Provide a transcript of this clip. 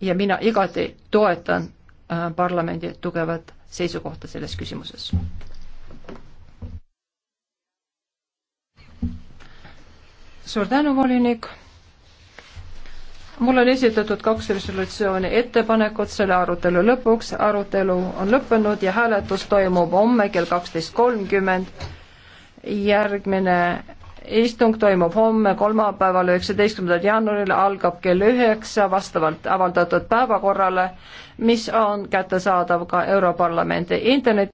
ja mina igati toetan äh, parlamendi tugevat seisukohta selles küsimuses. suur tänu, volinik. mul on esitatud kaks resolutsiooni ettepanekut selle arutelu lõpuks. arutelu on lõppenud ja hääletus toimub homme kell kaksteist kolmkümmend. järgmine istung toimub homme, kolmapäeval, üheksateistkümnendal jaanuaril, algab kell üheksa vastavalt avaldatud päevakorrale, mis on kättesaadav ka Europarlamendi internetis.